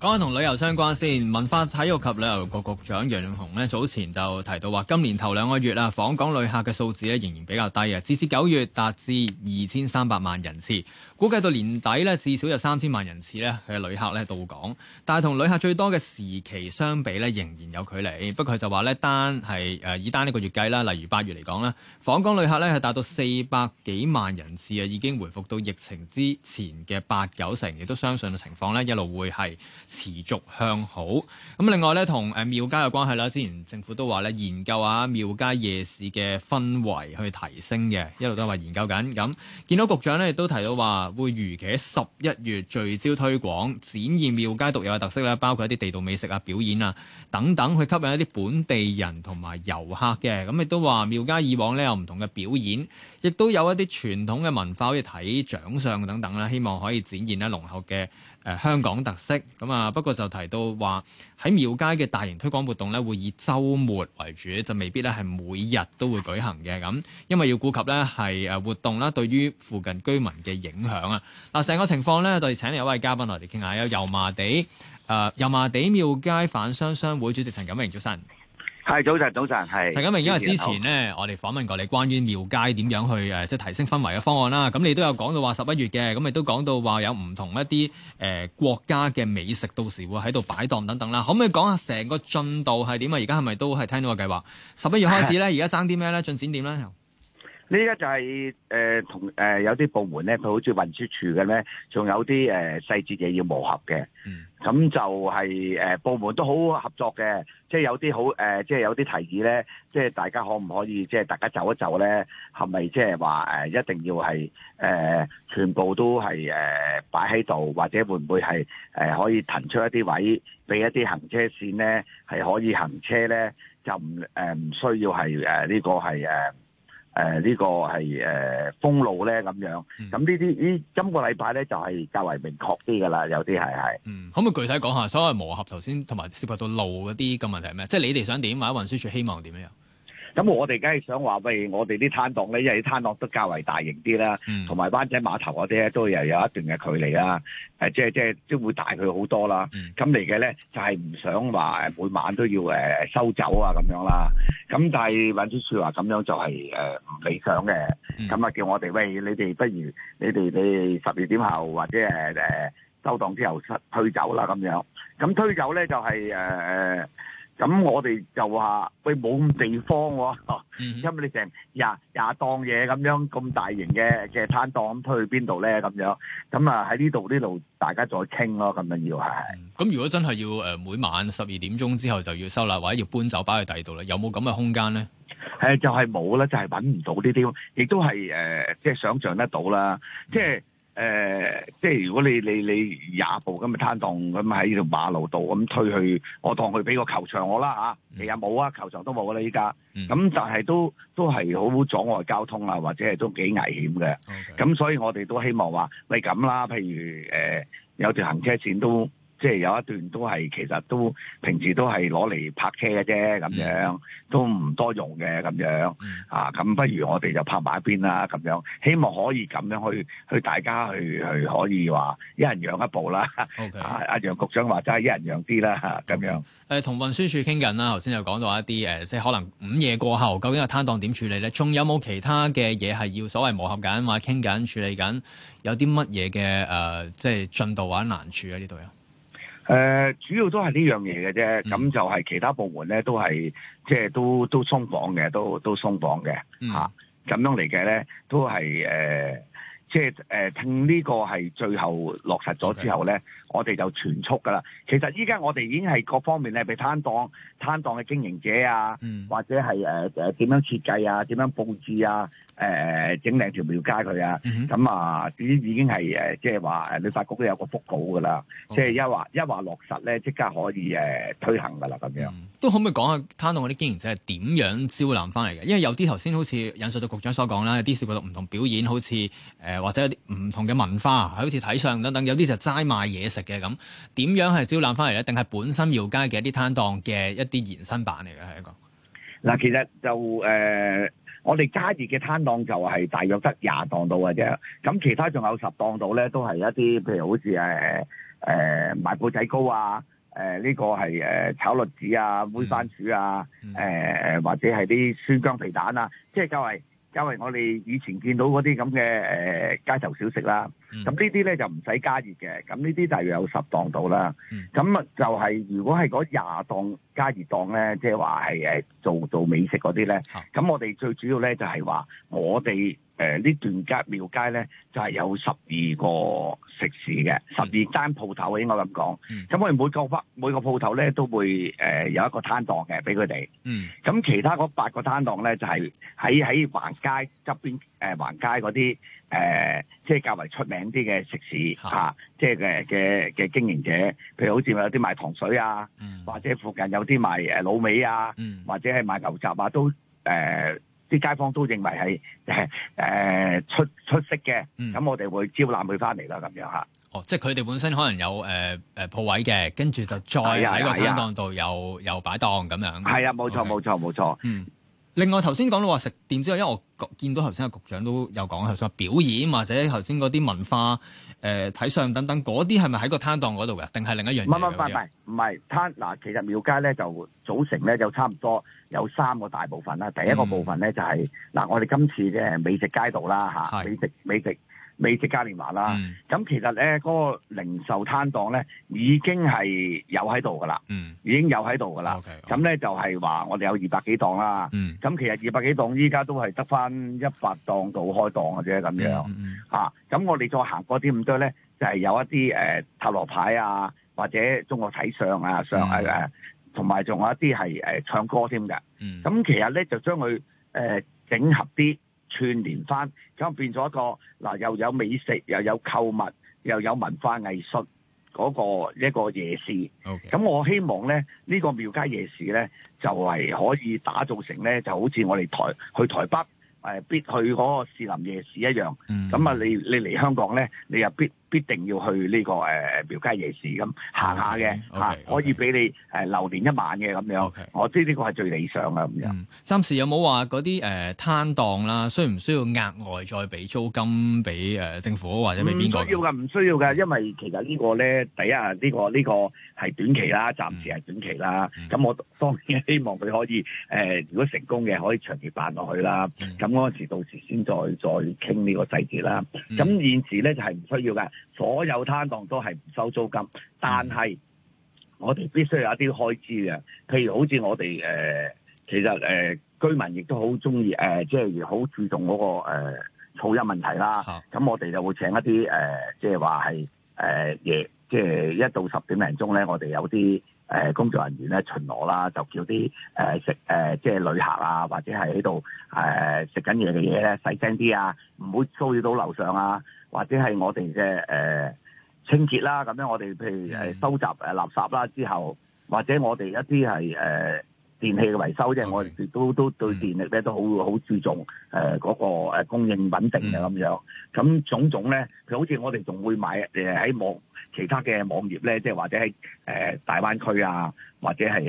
講下同旅遊相關先，文化體育及旅遊局局長楊潤雄早前就提到話，今年頭兩個月啦，訪港旅客嘅數字仍然比較低啊，至九月達至二千三百萬人次，估計到年底至少有三千萬人次咧嘅旅客到港，但係同旅客最多嘅時期相比仍然有距離。不過佢就話咧單係誒以單呢個月計啦，例如八月嚟講啦，訪港旅客咧係達到四百幾萬人次啊，已經回復到疫情之前嘅八九成，亦都相信嘅情況一路會係。持續向好。咁另外咧，同誒廟街嘅關係啦，之前政府都話咧，研究下、啊、廟街夜市嘅氛圍去提升嘅，一路都係話研究緊。咁見到局長咧，亦都提到話會如期喺十一月聚焦推廣，展現廟街獨有嘅特色啦，包括一啲地道美食啊、表演啊等等，去吸引一啲本地人同埋遊客嘅。咁亦都話廟街以往咧有唔同嘅表演，亦都有一啲傳統嘅文化可以睇掌相等等啦，希望可以展現一濃厚嘅。誒香港特色咁啊！不過就提到話喺廟街嘅大型推廣活動咧，會以週末為主，就未必咧係每日都會舉行嘅咁，因為要顧及咧係誒活動啦對於附近居民嘅影響啊！嗱，成個情況呢，就係請嚟一位嘉賓嚟傾下，有油麻地誒油麻地廟街販商商會主席陳錦榮，早晨。係早晨，早晨，係陳錦榮。因為之前咧，好我哋訪問過你關於廟街點樣去誒，即係提升氛圍嘅方案啦。咁你都有講到話十一月嘅，咁亦都講到話有唔同一啲誒、呃、國家嘅美食，到時會喺度擺檔等等啦。可唔可以講下成個進度係點啊？而家係咪都係聽到個計劃？十一月開始咧，而家爭啲咩咧？進展點咧？呢家就係誒同誒有啲部門咧，佢好似運輸處嘅咧，仲有啲誒細節嘢要磨合嘅。嗯咁就係誒部門都好合作嘅，即係有啲好誒，即係有啲提議咧，即係大家可唔可以即係大家走一走咧？係咪即係話誒一定要係誒全部都係誒擺喺度，或者會唔會係誒可以騰出一啲位俾一啲行車線咧，係可以行車咧，就唔誒唔需要係誒呢個係誒。呃誒、呃，這個呃、呢個係誒封路咧咁樣，咁呢啲依今個禮拜咧就係較為明確啲嘅啦，有啲係係。可唔可以具體講下，所謂磨合頭先同埋涉及到路嗰啲嘅問題係咩？即係你哋想點，或者運輸署希望點樣？咁我哋梗係想話，喂，我哋啲攤檔咧，因為啲攤檔都較為大型啲啦，同埋灣仔碼頭嗰啲咧，都又有一段嘅距離啦、呃，即係即係即會大佢好多啦。咁嚟嘅咧，就係、是、唔想話每晚都要、呃、收走啊咁樣啦。咁但係揾出説話咁樣就係誒唔理想嘅。咁啊、嗯，就叫我哋喂，你哋不如你哋你哋十二點後或者誒、呃、收檔之後走推走啦咁樣。咁推走咧就係、是、誒、呃咁我哋就話喂冇咁地方喎，因為你成廿廿檔嘢咁樣咁大型嘅嘅攤檔，推去邊度咧？咁樣咁啊喺呢度呢度大家再傾咯，咁樣要係。咁如果真係要誒每晚十二點鐘之後就要收啦，或者要搬走擺喺第二度咧，有冇咁嘅空間咧？誒就係冇啦，就係揾唔到呢啲，亦都係誒即係想象得到啦，即係。誒、呃，即係如果你你你廿步咁咪攤檔咁喺呢條馬路度咁推去，我當佢俾個球場我啦吓、啊，其實冇啊，球場都冇啦依家，咁、嗯、但係都都係好阻礙交通啊，或者係都幾危險嘅，咁 Okay. 所以我哋都希望話，你咁啦，譬如誒、呃、有條行車線都。即係有一段都係，其實都平時都係攞嚟泊車嘅啫，咁樣都唔多用嘅，咁樣、嗯、啊，咁不如我哋就拍埋一邊啦，咁樣希望可以咁樣去去大家去去可以話一人讓一步啦。阿阿楊局長話真係一人讓啲啦吓，咁樣誒，同運輸署傾緊啦。頭先又講到一啲誒、呃，即係可能午夜過後，究竟個攤檔點處理咧？仲有冇其他嘅嘢係要所謂磨合緊、或者傾緊、處理緊？有啲乜嘢嘅誒，即係進度或者難處喺呢度啊？誒、呃，主要都係呢樣嘢嘅啫，咁、嗯、就係其他部門咧都係，即、就、係、是、都都鬆綁嘅，都鬆綁嘅都鬆綁嘅吓，咁、嗯啊、樣嚟嘅咧都係誒，即係誒，聽呢個係最後落實咗之後咧。Okay. 我哋就全速噶啦，其實依家我哋已經係各方面咧，俾攤檔攤檔嘅經營者啊，嗯、或者係誒誒點樣設計啊，點樣佈置啊，誒、呃、整靚條廟街佢啊，咁、嗯、哼啊已已經係誒即係話誒，旅、就、發、是呃、局都有個報告噶啦，好即係一話一話落實咧，即刻可以誒、呃、推行噶啦咁樣、嗯。都可唔可以講下攤檔嗰啲經營者係點樣招攬翻嚟嘅？因為有啲頭先好似引述到局長所講啦，有啲涉及到唔同表演，好似誒、呃、或者有啲唔同嘅文化，好似睇相等等，有啲就齋賣嘢食。嘅咁，點樣係招攬翻嚟咧？定係本身廟街嘅一啲攤檔嘅一啲延伸版嚟嘅係一個。嗱，其實就誒、呃，我哋加熱嘅攤檔就係大約得廿檔到嘅啫。咁其他仲有十檔到咧，都係一啲譬如好似誒誒賣砵仔糕啊，誒、呃、呢、這個係誒炒栗子啊、煨番薯啊，誒、嗯嗯呃、或者係啲酸薑皮蛋啊，即係就係。因為我哋以前見到嗰啲咁嘅誒街頭小食啦，咁、嗯、呢啲咧就唔使加熱嘅，咁呢啲大約有十檔到啦。咁啊、嗯、就係、是、如果係嗰廿檔加熱檔咧，即係話係誒做做美食嗰啲咧，咁、嗯、我哋最主要咧就係、是、話我哋。誒呢、呃、段街廟街咧，就係、是、有十二個食肆嘅，十二間鋪頭應該咁講。咁、嗯、我哋每個每個鋪頭咧，都會誒、呃、有一個攤檔嘅，俾佢哋。嗯。咁其他嗰八個攤檔咧，就係喺喺橫街側邊誒橫街嗰啲誒，即係較為出名啲嘅食肆，嚇、啊啊，即係嘅嘅嘅經營者，譬如好似有啲賣糖水啊，嗯、或者附近有啲賣老味啊，嗯、或者係賣牛雜啊，都誒。呃啲街坊都認為係誒、呃、出出色嘅，咁、嗯、我哋會招攬佢翻嚟啦，咁樣吓，哦，即係佢哋本身可能有誒誒、呃呃、鋪位嘅，跟住就再喺個攤檔度、哎、呀又又擺檔咁樣。係啊、哎呀，冇錯冇錯冇錯。okay 錯錯嗯。另外頭先講到話食店之後，因為我見到頭先嘅局長都有講，頭先話表演或者頭先嗰啲文化誒睇相等等，嗰啲係咪喺個攤檔嗰度嘅？定係另一樣嘢？唔係唔係唔係唔係攤嗱。其實廟街咧就組成咧就差唔多有三個大部分啦。第一個部分咧就係、是、嗱，嗯、我哋今次嘅美食街道啦嚇，美食美食。未式嘉年華啦，咁其實咧嗰個零售攤檔咧已經係有喺度噶啦，已經有喺度噶啦。咁咧就係話我哋有二百幾檔啦，咁其實二百幾檔依家都係得翻一百檔度開檔嘅啫，咁樣咁我哋再行嗰啲咁多咧，就係有一啲誒塔羅牌啊，或者中國睇相啊，相誒誒，同埋仲有一啲係唱歌添嘅。咁其實咧就將佢誒整合啲。串聯翻，咁變咗一個嗱又有美食又有購物又有文化藝術嗰個一個夜市。咁 Okay. 我希望呢呢、呢個廟街夜市呢，就係、係、可以打造成呢，就好似我哋台去台北。誒，必去嗰個士林夜市一樣，咁啊、嗯，你你嚟香港咧，你又必必定要去呢、這個誒廟、呃、街夜市咁行下嘅吓，okay, okay, okay, 可以俾你誒留連一晚嘅咁樣。Okay, 我知呢個係最理想啦咁樣、嗯。暫時有冇話嗰啲誒攤檔啦，需唔需要額外再俾租金俾、呃、政府或者俾邊個？唔需要噶，唔需要噶，因為其實個呢個咧，第一啊，呢個呢個。這個係短期啦，暫時係短期啦。咁、嗯嗯、我當然希望佢可以誒、呃，如果成功嘅，可以長期辦落去啦。咁嗰、嗯、陣時到時先再再傾呢個細節啦。咁、嗯、現時咧就係、是、唔需要嘅，所有攤檔都係唔收租金。嗯、但係我哋必須有一啲開支嘅，譬如好似我哋誒、呃，其實誒、呃、居民亦都好中意誒，即係好注重嗰個噪音、呃、問題啦。咁、啊、我哋就會請一啲誒，即係話係誒嘢。就是即係一到十點零鐘咧，我哋有啲誒、呃、工作人員咧巡邏啦，就叫啲誒、呃、食誒、呃、即係旅客啊，或者係喺度誒食緊嘢嘅嘢咧，細聲啲啊，唔好騷擾到樓上啊，或者係我哋嘅誒清潔啦，咁樣我哋譬如誒收集誒垃圾啦之後，或者我哋一啲係誒。呃電器嘅維修，即係 Okay. 我哋都都對電力咧都好好注重，誒、呃、嗰、那個供應穩定嘅咁、嗯、樣。咁種種咧，佢好似我哋仲會買誒喺網其他嘅網頁咧，即係或者喺誒、呃、大灣區啊，或者係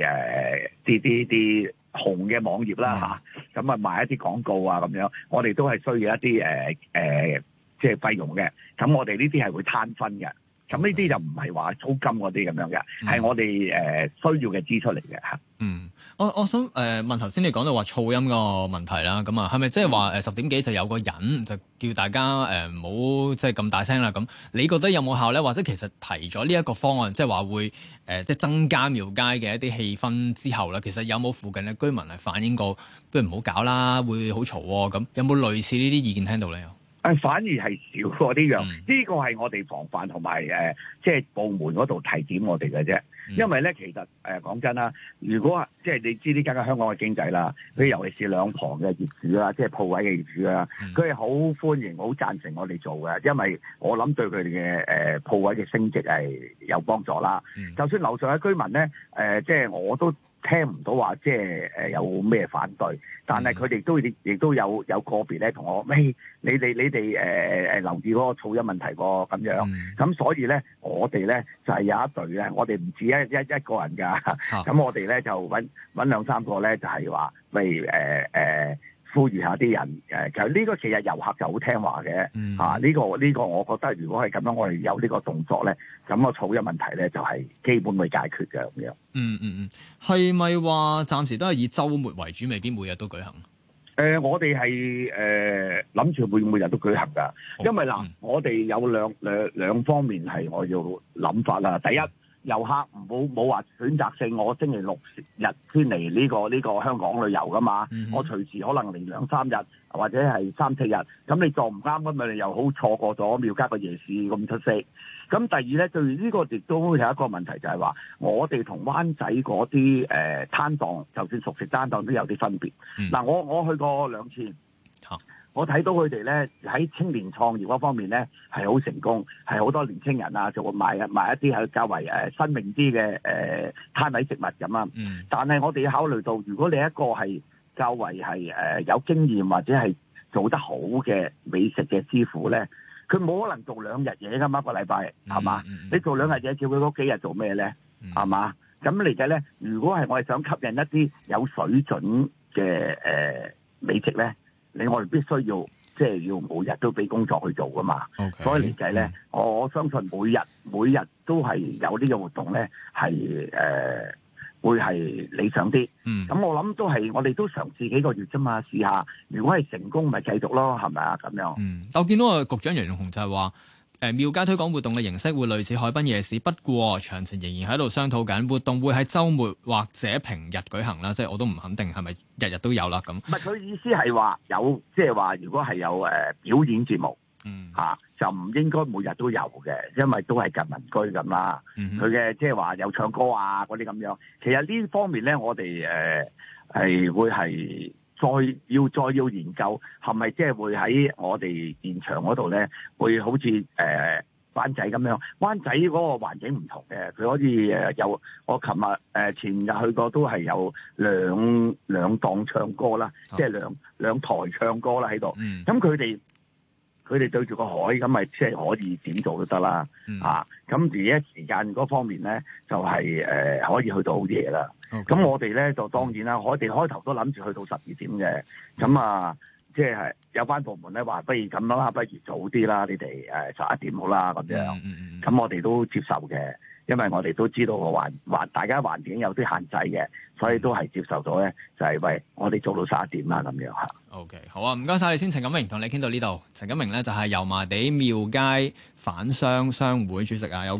啲啲啲紅嘅網頁啦嚇咁 Yeah. 啊買一啲廣告啊咁樣，我哋都係需要一啲誒誒即係費用嘅。咁我哋呢啲係會攤分嘅。咁呢啲就唔係話租金嗰啲咁樣嘅，係我哋需要嘅支出嚟嘅吓。嗯，我我想誒問頭先你講到話噪音個問題啦，咁啊係咪即係話誒十點幾就有個人就叫大家誒唔好即係咁大聲啦？咁你覺得有冇效咧？或者其實提咗呢一個方案，即係話會、呃、即係增加廟街嘅一啲氣氛之後啦，其實有冇附近嘅居民係反映過不如唔好搞啦，會好嘈咁？有冇類似呢啲意見聽到咧？誒反而係少過呢樣，呢個係我哋防範同埋誒，即係部門嗰度提點我哋嘅啫。因為咧，其實誒講真啦，如果即係你知呢間間香港嘅經濟啦，譬如尤其是兩旁嘅業主啦，即係鋪位嘅業主啦，佢係好歡迎、好贊成我哋做嘅，因為我諗對佢哋嘅誒鋪位嘅升值係有幫助啦。就算樓上嘅居民咧，誒即係我都。聽唔到話，即係誒有咩反對，但係佢哋都亦都有有個別咧同我，咪你哋你哋誒誒留意個噪音問題喎，咁樣，咁、嗯、所以咧我哋咧就係、是、有一隊咧，我哋唔止一一一個人㗎，咁、啊、我哋咧就揾揾兩三個咧，就係話，咪誒誒。呼籲下啲人誒，其實呢個其實遊客就好聽話嘅嚇。呢個呢個，這個、我覺得如果係咁樣，我哋有呢個動作咧，咁個噪音問題咧就係基本會解決嘅咁樣。嗯嗯嗯，係咪話暫時都係以周末為主，未必每日都舉行？誒、呃，我哋係誒諗住會每日都舉行噶，因為嗱、嗯呃，我哋有兩兩兩方面係我要諗法啦。第一。嗯遊客唔好冇話選擇性，我星期六日先嚟呢個呢、呢個香港旅遊噶嘛，mm hmm. 我隨時可能嚟兩三日或者係三四日，咁你撞唔啱咁咪你又好錯過咗廟街嘅夜市咁出色。咁第二咧對呢個亦都有一個問題就是說，就係話我哋同灣仔嗰啲誒攤檔，就算熟食攤檔都有啲分別。嗱、mm，hmm. 我我去過兩次。Oh. 我睇到佢哋咧喺青年創業嗰方面咧係好成功，係好多年青人啊就會賣啊賣一啲係較為誒新穎啲嘅誒攤位食物咁啊。但係我哋要考慮到，如果你一個係較為係誒有經驗或者係做得好嘅美食嘅師傅咧，佢冇可能做兩日嘢㗎嘛，一個禮拜係嘛？你做兩日嘢，叫佢嗰幾日做咩咧？係嘛？咁嚟嘅咧，如果係我係想吸引一啲有水準嘅誒美食咧。你我哋必須要，即係要每日都俾工作去做噶嘛。Okay, 所以嚟計咧，嗯、我相信每日每日都係有呢個活動咧，係誒、呃、會係理想啲。咁、嗯、我諗都係我哋都嘗試幾個月啫嘛，試下。如果係成功，咪繼續咯，係咪啊？咁樣。嗯，但我見到啊，局長楊雄就係話，誒廟街推廣活動嘅形式會類似海濱夜市，不過詳情仍然喺度商討緊。活動會喺週末或者平日舉行啦，即係我都唔肯定係咪日日都有啦咁。唔係佢意思係話有，即係話如果係有誒、呃、表演節目，嚇、嗯啊、就唔應該每日都有嘅，因為都係近民居咁啦。佢嘅即係話有唱歌啊嗰啲咁樣，其實呢方面咧，我哋誒係會係。再要再要研究，係咪即係會喺我哋現場嗰度咧，會好似誒、呃、灣仔咁樣？灣仔嗰個環境唔同嘅，佢可以誒有、呃、我琴日誒前日去過都係有兩兩檔唱歌啦，啊、即係兩兩台唱歌啦喺度。咁佢哋佢哋對住個海咁咪即係可以點做都得啦嚇。咁而家時間嗰方面咧，就係、是、誒、呃、可以去到好夜啦。咁 Okay. 我哋咧就當然啦，我哋開頭都諗住去到十二點嘅，咁啊，mm hmm. 即係有關部門咧話，不如咁啦，不如早啲啦，你哋十一點好啦，咁樣。咁、mm hmm. 我哋都接受嘅，因為我哋都知道個環環，大家環境有啲限制嘅，所以都係接受咗咧，就係、是、喂，我哋做到十一點啦，咁樣 OK，好啊，唔該晒。先你先，陳錦榮同你傾到呢度。陳錦榮咧就係油麻地廟街販商商會主席啊，有。